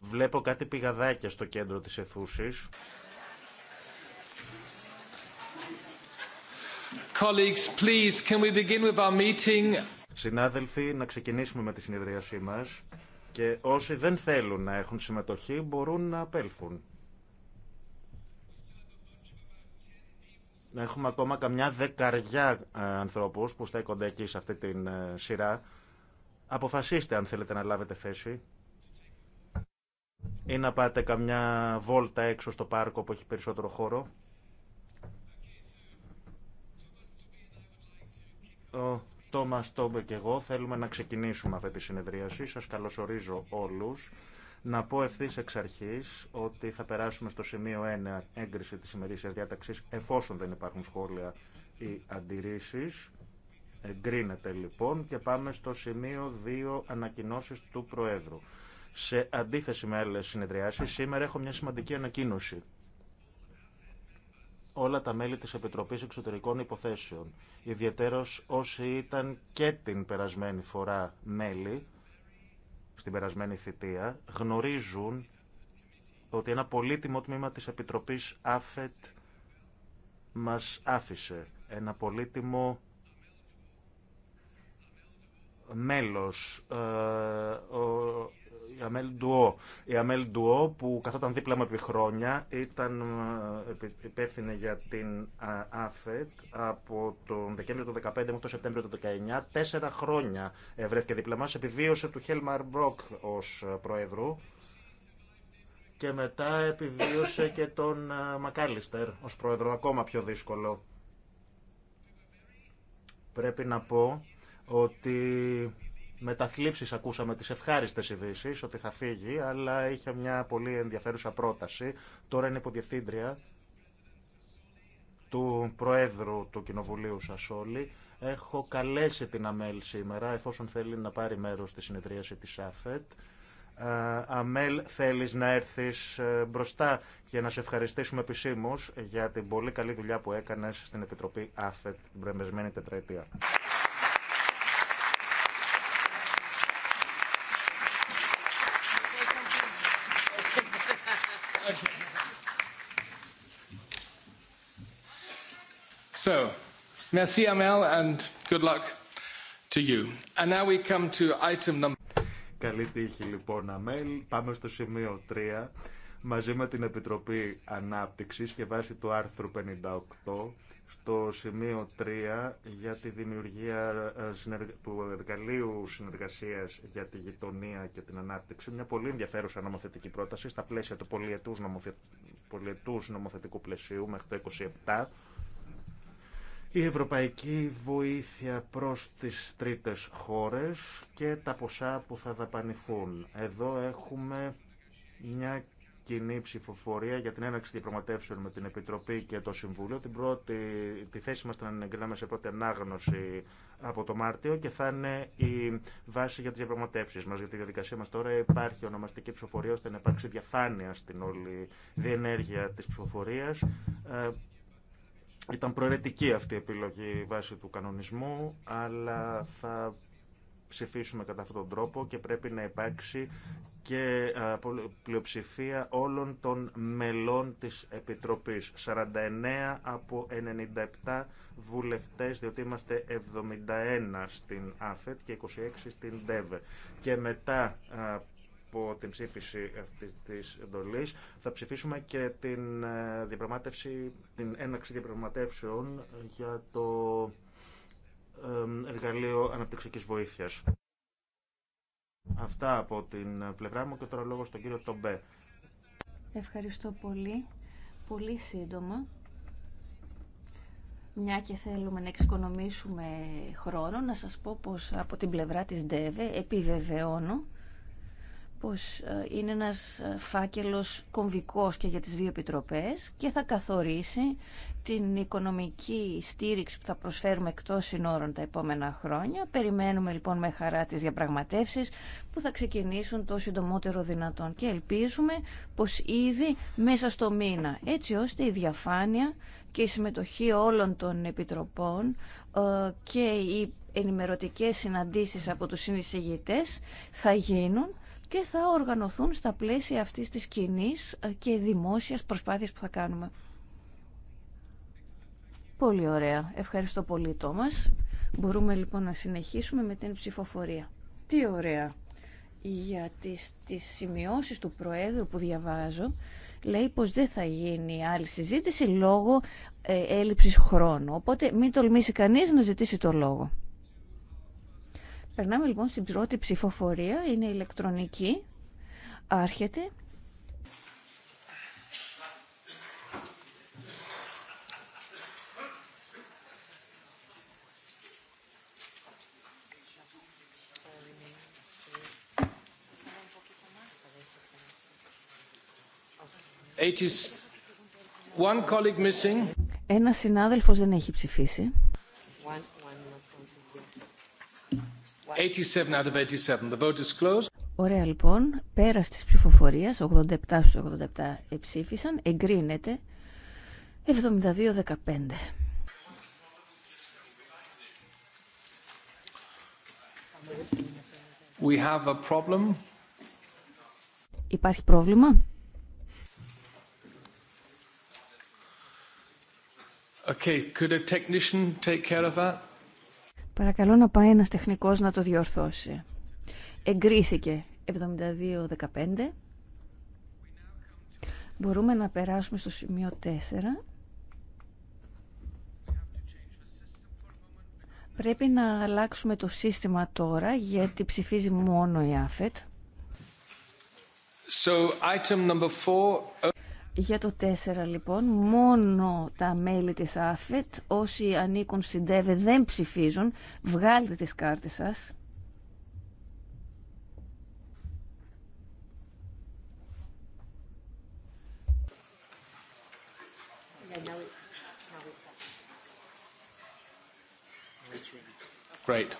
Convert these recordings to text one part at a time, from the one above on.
Βλέπω κάτι πηγαδάκια στο κέντρο της αιθούσης. Colleagues, please, can we begin with our meeting? Συνάδελφοι, να ξεκινήσουμε με τη συνεδρίασή μας και όσοι δεν θέλουν να έχουν συμμετοχή μπορούν να απέλθουν. Έχουμε ακόμα καμιά δεκαριά ε, ανθρώπους που στέκονται εκεί σε αυτή τη ε, σειρά. Αποφασίστε αν θέλετε να λάβετε θέση ή να πάτε καμιά βόλτα έξω στο πάρκο που έχει περισσότερο χώρο. Ο Τόμας Τόμπε και εγώ θέλουμε να ξεκινήσουμε αυτή τη συνεδρίαση. Σας καλωσορίζω όλους. Να πω ευθύ εξ αρχή ότι θα περάσουμε στο σημείο 1 έγκριση τη ημερήσια διάταξη εφόσον δεν υπάρχουν σχόλια ή αντιρρήσει. Εγκρίνεται λοιπόν και πάμε στο σημείο 2 ανακοινώσεις του Προέδρου. Σε αντίθεση με άλλες συνεδριάσεις, σήμερα έχω μια σημαντική ανακοίνωση. Όλα τα μέλη της Επιτροπής Εξωτερικών Υποθέσεων, ιδιαίτερος όσοι ήταν και την περασμένη φορά μέλη, στην περασμένη θητεία, γνωρίζουν ότι ένα πολύτιμο τμήμα της Επιτροπής ΑΦΕΤ μας άφησε. Ένα πολύτιμο μέλος, η ε, Αμέλ Ντουό. Η Αμέλ Ντουό που καθόταν δίπλα μου επί χρόνια ήταν ε, υπεύθυνη για την ε, ΑΦΕΤ από τον Δεκέμβριο του 2015 μέχρι τον Σεπτέμβριο του 2019. Τέσσερα χρόνια βρέθηκε δίπλα μας. Επιβίωσε του Χέλμαρ Μπροκ ως πρόεδρου και μετά επιβίωσε και τον Μακάλιστερ ως πρόεδρο. Ακόμα πιο δύσκολο. Πρέπει να πω ότι με τα θλίψεις ακούσαμε τις ευχάριστες ειδήσει ότι θα φύγει, αλλά είχε μια πολύ ενδιαφέρουσα πρόταση. Τώρα είναι υποδιευθύντρια του Προέδρου του Κοινοβουλίου σας όλοι. Έχω καλέσει την ΑΜΕΛ σήμερα, εφόσον θέλει να πάρει μέρος στη συνεδρίαση της ΑΦΕΤ. Αμέλ, θέλεις να έρθεις ε, μπροστά και να σε ευχαριστήσουμε επισήμως για την πολύ καλή δουλειά που έκανες στην Επιτροπή ΑΦΕΤ την πρεμεσμένη τετραετία. So, merci Amel and good luck to you. And now we come to item number... Καλή τύχη λοιπόν Αμέλ. Πάμε στο σημείο 3. Μαζί με την Επιτροπή Ανάπτυξης και βάσει του άρθρου 58 στο σημείο 3 για τη δημιουργία ε, του εργαλείου συνεργασίας για τη γειτονία και την ανάπτυξη. Μια πολύ ενδιαφέρουσα νομοθετική πρόταση στα πλαίσια του πολυετούς νομοθετικού πλαισίου μέχρι το η ευρωπαϊκή βοήθεια προς τις τρίτες χώρες και τα ποσά που θα δαπανηθούν. Εδώ έχουμε μια κοινή ψηφοφορία για την έναρξη διαπραγματεύσεων με την Επιτροπή και το Συμβούλιο. Την πρώτη, τη θέση μας την εγκρινάμε σε πρώτη ανάγνωση από το Μάρτιο και θα είναι η βάση για τις διαπραγματεύσεις μας. Για τη διαδικασία μας τώρα υπάρχει ονομαστική ψηφοφορία ώστε να υπάρξει διαφάνεια στην όλη διενέργεια της ψηφοφορίας ε, ήταν προαιρετική αυτή η επιλογή βάσει του κανονισμού, αλλά θα ψηφίσουμε κατά αυτόν τον τρόπο και πρέπει να υπάρξει και πλειοψηφία όλων των μελών της Επιτροπής. 49 από 97 βουλευτές, διότι είμαστε 71 στην ΑΦΕΤ και 26 στην ΔΕΒΕ. Και μετά από την ψήφιση αυτή τη εντολή. Θα ψηφίσουμε και την, ε, διαπραγμάτευση, την έναξη διαπραγματεύσεων για το ε, εργαλείο αναπτυξική βοήθεια. Αυτά από την πλευρά μου και τώρα λόγο στον κύριο Τομπέ. Ευχαριστώ πολύ. Πολύ σύντομα μια και θέλουμε να εξοικονομήσουμε χρόνο, να σας πω πως από την πλευρά της ΔΕΒΕ επιβεβαιώνω πως ε, είναι ένας ε, φάκελος κομβικός και για τις δύο επιτροπές και θα καθορίσει την οικονομική στήριξη που θα προσφέρουμε εκτός συνόρων τα επόμενα χρόνια. Περιμένουμε λοιπόν με χαρά τις διαπραγματεύσεις που θα ξεκινήσουν το συντομότερο δυνατόν και ελπίζουμε πως ήδη μέσα στο μήνα, έτσι ώστε η διαφάνεια και η συμμετοχή όλων των επιτροπών ε, και οι ενημερωτικές συναντήσεις από τους συνεισηγητές θα γίνουν και θα οργανωθούν στα πλαίσια αυτής της κοινή ε, και δημόσιας προσπάθειας που θα κάνουμε. Πολύ ωραία. Ευχαριστώ πολύ, Τόμας. Μπορούμε λοιπόν να συνεχίσουμε με την ψηφοφορία. Τι ωραία. Για τις, τις σημειώσεις του Προέδρου που διαβάζω, λέει πως δεν θα γίνει άλλη συζήτηση λόγω ε, έλλειψης χρόνου. Οπότε μην τολμήσει κανείς να ζητήσει το λόγο. Περνάμε λοιπόν στην πρώτη ψηφοφορία. Είναι ηλεκτρονική. Άρχεται. Ένα συνάδελφος δεν έχει ψηφίσει. 87 out of 87. The vote is closed. Ωραία λοιπόν, πέρα τη ψηφοφορία, 87 στου 87 ψήφισαν, εγκρίνεται 72-15. We have a problem. Υπάρχει πρόβλημα. Okay, could a technician take care of that? Παρακαλώ να πάει ένας τεχνικός να το διορθώσει. Εγκρίθηκε 72-15. Μπορούμε να περάσουμε στο σημείο 4. Πρέπει να αλλάξουμε το σύστημα τώρα γιατί ψηφίζει μόνο η ΑΦΕΤ. So, item number για το 4 λοιπόν, μόνο τα μέλη της ΑΦΕΤ, όσοι ανήκουν στην ΤΕΒΕ δεν ψηφίζουν, βγάλτε τις κάρτες σας. Great.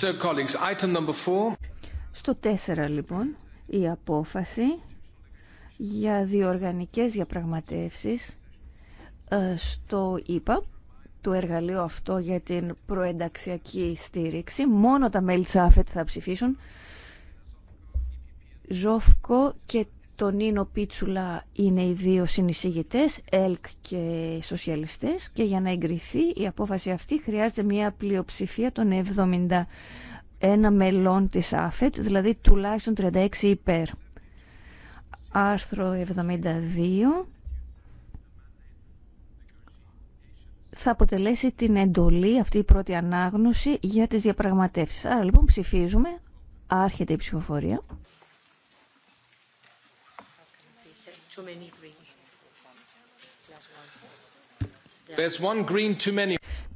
So, colleagues, item number four. Στο 4 λοιπόν, η απόφαση για διοργανικές διαπραγματεύσεις ε, στο ΙΠΑ, το εργαλείο αυτό για την προενταξιακή στήριξη. Μόνο τα μέλη της ΑΦΕΤ θα ψηφίσουν. Ζόφκο και τον Νίνο Πίτσουλα είναι οι δύο συνεισηγητές, ΕΛΚ και Σοσιαλιστές και για να εγκριθεί η απόφαση αυτή χρειάζεται μια πλειοψηφία των 71 μελών της ΑΦΕΤ, δηλαδή τουλάχιστον 36 υπέρ άρθρο 72 θα αποτελέσει την εντολή αυτή η πρώτη ανάγνωση για τις διαπραγματεύσεις. Άρα λοιπόν ψηφίζουμε, άρχεται η ψηφοφορία.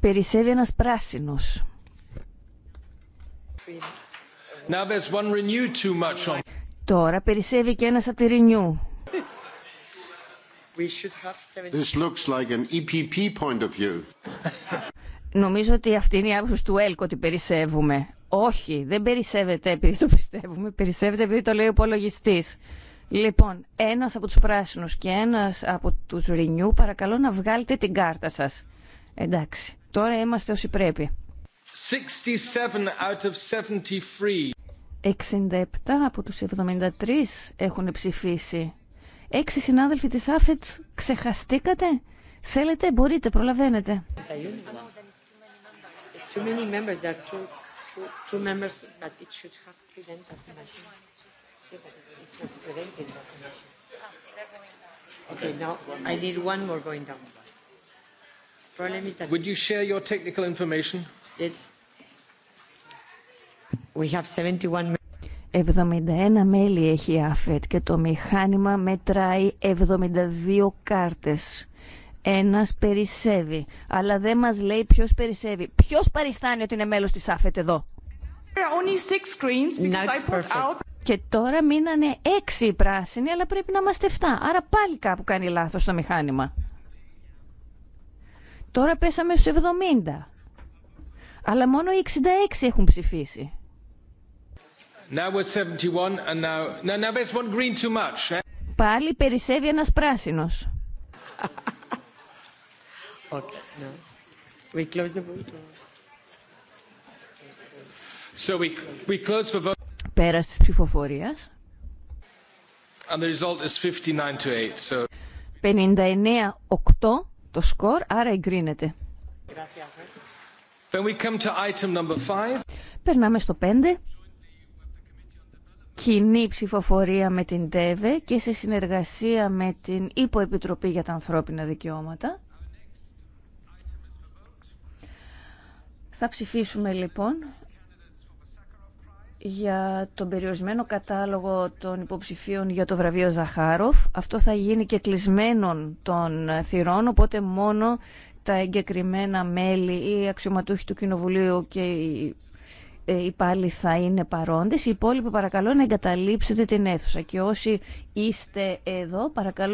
Περισσεύει ένας πράσινος. Now there's one too much on. Τώρα περισσεύει και ένας από τη Ρινιού. This looks like an EPP point of view. Νομίζω ότι αυτή είναι η άποψη του ΕΛΚ ότι περισσεύουμε. Όχι, δεν περισσεύεται επειδή το πιστεύουμε, περισσεύεται επειδή το λέει ο υπολογιστή. Λοιπόν, ένας από τους πράσινους και ένας από τους Ρινιού, παρακαλώ να βγάλετε την κάρτα σας. Εντάξει, τώρα είμαστε όσοι πρέπει. 67 out of 73. 67 από τους 73 έχουν ψηφίσει. Έξι συνάδελφοι της ΑΦΕΤ ξεχαστήκατε. Θέλετε, μπορείτε, προλαβαίνετε. Okay, now I need one more going down. Problem is that. Would you share your technical information? It's 71... μέλη έχει η ΑΦΕΤ και το μηχάνημα μετράει 72 κάρτες. Ένας περισσεύει, αλλά δεν μας λέει ποιος περισσεύει. Ποιος παριστάνει ότι είναι μέλος της ΑΦΕΤ εδώ. Και τώρα μείνανε 6 οι πράσινοι, αλλά πρέπει να είμαστε 7. Άρα πάλι κάπου κάνει λάθος το μηχάνημα. Τώρα πέσαμε στους 70. Αλλά μόνο οι 66 έχουν ψηφίσει. Now we're 71 and now... No, now there's one green too much. Eh? Πάλι περισσεύει ένας πράσινος. okay, no. We close the vote. So we, we close the vote. Πέρας της ψηφοφορίας. And the result is 59 to 8, so... 59-8 το σκορ, άρα εγκρίνεται. Then we come to item number 5. Περνάμε στο 5 κοινή ψηφοφορία με την ΤΕΒΕ και σε συνεργασία με την Υποεπιτροπή για τα Ανθρώπινα Δικαιώματα. Θα ψηφίσουμε λοιπόν για τον περιορισμένο κατάλογο των υποψηφίων για το βραβείο Ζαχάροφ. Αυτό θα γίνει και κλεισμένον των θυρών, οπότε μόνο τα εγκεκριμένα μέλη ή αξιωματούχοι του Κοινοβουλίου και οι ε, υπάλληλοι θα είναι παρόντες. Οι υπόλοιποι παρακαλώ να εγκαταλείψετε την αίθουσα. Και όσοι είστε εδώ παρακαλώ